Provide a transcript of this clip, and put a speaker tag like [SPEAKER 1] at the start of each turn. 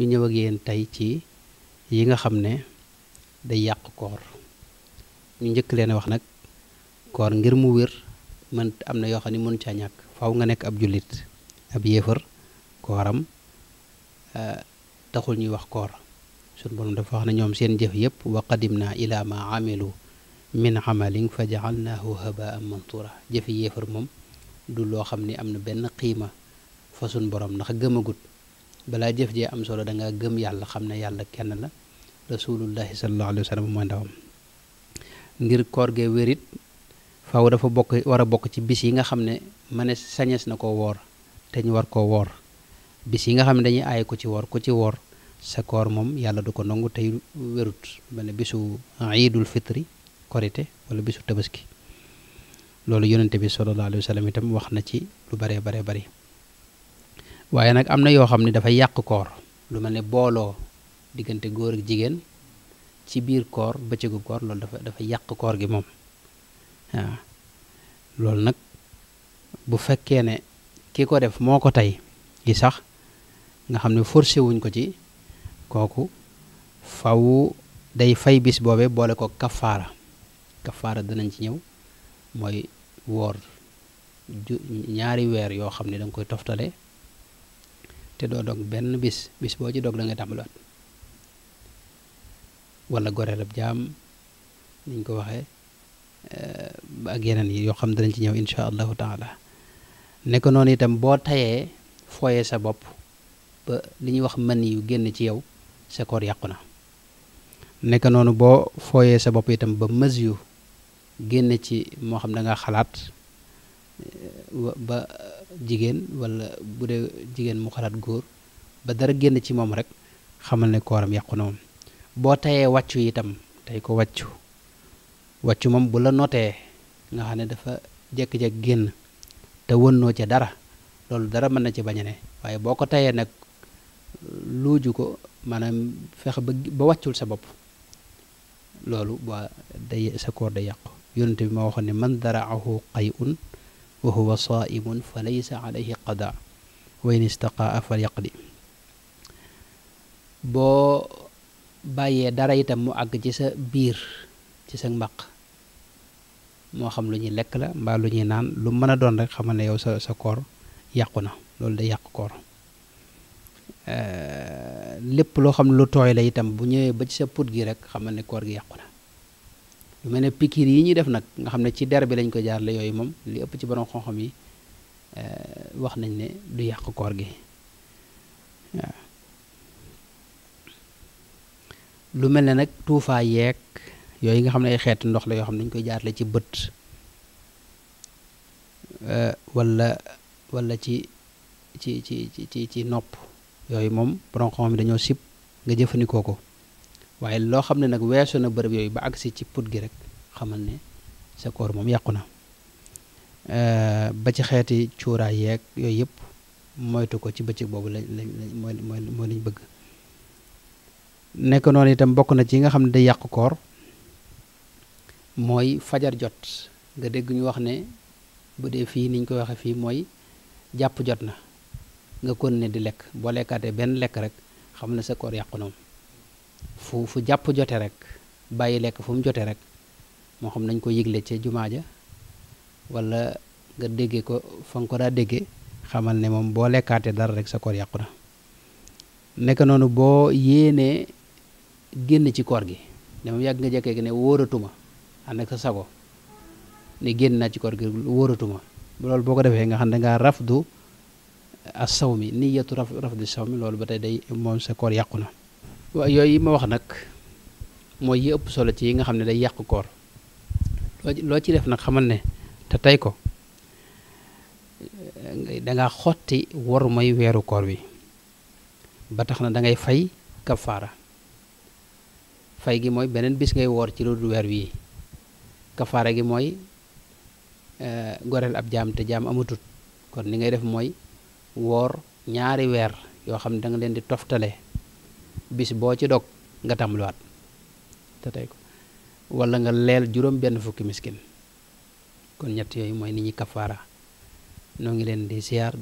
[SPEAKER 1] ñu ñëw ak yeen tey ci yi nga xam ne day yàq koor ñu njëkk leen wax nag koor ngir mu wér mën am na yoo xam ne mënu caa ñàkk faw nga nekk ab jullit ab yéefar kooram euh, taxul ñuy wax koor sun borom dafa wax ne ñoom seen jëf yépp wa qadimna ila ma amilu min amalin fa jaalnaahu habaan mantura jëfi yéefar moom du loo xam ne am na benn fa sun borom ndax gëmagut balaa jëf jee am solo da ngaa gëm yàlla xam ne yàlla kenn la rasulullahi sallallahu alayhi wa sallam mooy ndawam ngir koor gee wérit faaw dafa bokk war a bokk ci bis yi nga xam ne mane sañees na koo woor te ñu war ko woor bis yi nga xam ne dañuy aay ku ci woor ku ci woor sa koor moom yàlla du ko nangu tey wérut ba ne bisu iidul fitri korite wala bisu tabaski loolu yonente bi sallallahu alayhi wa sallam itam wax na ci lu baree baree bari waaye nag am na yoo xam ne dafa yàq koor lu ma ne booloo diggante góor ak jigéen ci biir koor bëccëgu koor lool dafa dafa yàq koor gi moom waaw loolu nag bu fekkee ne ki ko def moo ko tey gi sax nga xam ne forcé wuñ ko ci kooku faw day fay bis boobe boole ko kafaara kafaara danañ ci ñëw mooy wóor ñaari weer yoo xam ne da koy toftale te doo dog benn bis bis boo ci doog da nga tàmbaliwaat wala goreel ab jaam niñ ko waxee eh, ba ak yeneen yi yoo xam danañ ci ñëw insha allahu taala ne ko noonu itam boo tayee fooyee sa bopp ba li ñuy wax mën yu génn ci yow sa koor yàqu na nekk noonu boo fooyee sa bopp itam ba mës yu génn ci moo xam da xalaat eh, ba jigéen wala bu dee jigéen mu xalaat góor ba dara génn ci moom rek xamal ne kooram yàqu na moom boo tayee wàccu itam tey ko wàccu wàccu moom bu la notee nga xam ne dafa jekk-jekk génn te wënnoo ca dara loolu dara mën na ci bañ a ne waaye boo ko teyee nag luuju ko maanaam fexe ba ba wàccul sa bopp loolu ba day sa koor day yàqu yonente bi ma waxoon ne man daraahu qay un wa huwa saaimun fa laysa alayhi qadaa wa in istaqaa fa di boo bàyyee dara itam mu àgg ci sa biir ci sa mbaq moo xam lu ñuy lekk la mbaa lu ñuy naan lu mën a doon rek xamal ne yow sa sa koor yàqu na loolu day yàq koor eh, lépp loo xam lu tooy la itam bu ñëwee ba ci sa put gi rek xamal ne koor gi yàqu na lu mel ne pikiir yi ñuy def nag nga xam ne ci der bi lañ ko jaarale yooyu moom li ëpp ci borom xam eh, wax nañ ne du yàq koor gi lu mel ne nag tuufaa yeeg yooyu nga xam ne ay xeetu ndox la yoo xam ne dañ koy jaarale ci bët eh, wala wala ci ci ci ci ci nopp yooyu moom borom xam yi dañoo sib nga jëfandikoo ko waaye loo xam ne nag weesu na bërëb yooyu ba agsi ci put gi rek xamal ne sa koor moom yàqu na ba ci xeeti cuuraay yeeg yooyu yëpp moytu ko ci bëccëg boobu lañ mooy mooy lañ bëgg nekk noonu itam bokk na ci yi nga xam ne day yàq koor mooy fajar jot nga dégg ñu wax ne bu dee fii niñ koy waxee fii mooy jàpp jot na nga kon ne di lekk boo lekkaatee benn lekk rek xam ne sa koor yàqu na fu fu jàpp jote rek bàyyi lekk fu mu jote rek moo xam nañ ko yëgle ca jumaa ja walla nga dégge ko fa nga ko daa déggee xamal ne moom boo lekkaatee dara rek sa koor yàqu na nekk noonu boo yéenee génn ci koor gi ne moom yàgg nga jekkee gi ne wóoratuma ànd ak sa sago ne génn naa ci koor gi wóoratuma loolu boo ko defee nga xam ne dangaa rafdu as saw mi niyatu raf rafdu saw mi loolu ba tey day moom sa koor yàqu na waaw yooyu ma wax nag mooy yi ëpp solo ci yi nga xam ne day yàq koor loo ci def nag xamal ne te tey ko danga xotti war mooy weeru koor wi ba tax na dangay fay kafaara fay gi mooy beneen bis ngay woor ci loolu weer wii kafaara gi mooy eh, goreel ab jaam te jaam amatut kon li ngay def mooy woor ñaari weer yoo xam ne danga leen di toftale bis boo ci dog nga tàmbaliwaat te tey ko wala nga leel juróom benn fukki miskin kon ñett yooyu mooy ni ñuy kafaara noo ngi leen di siyaar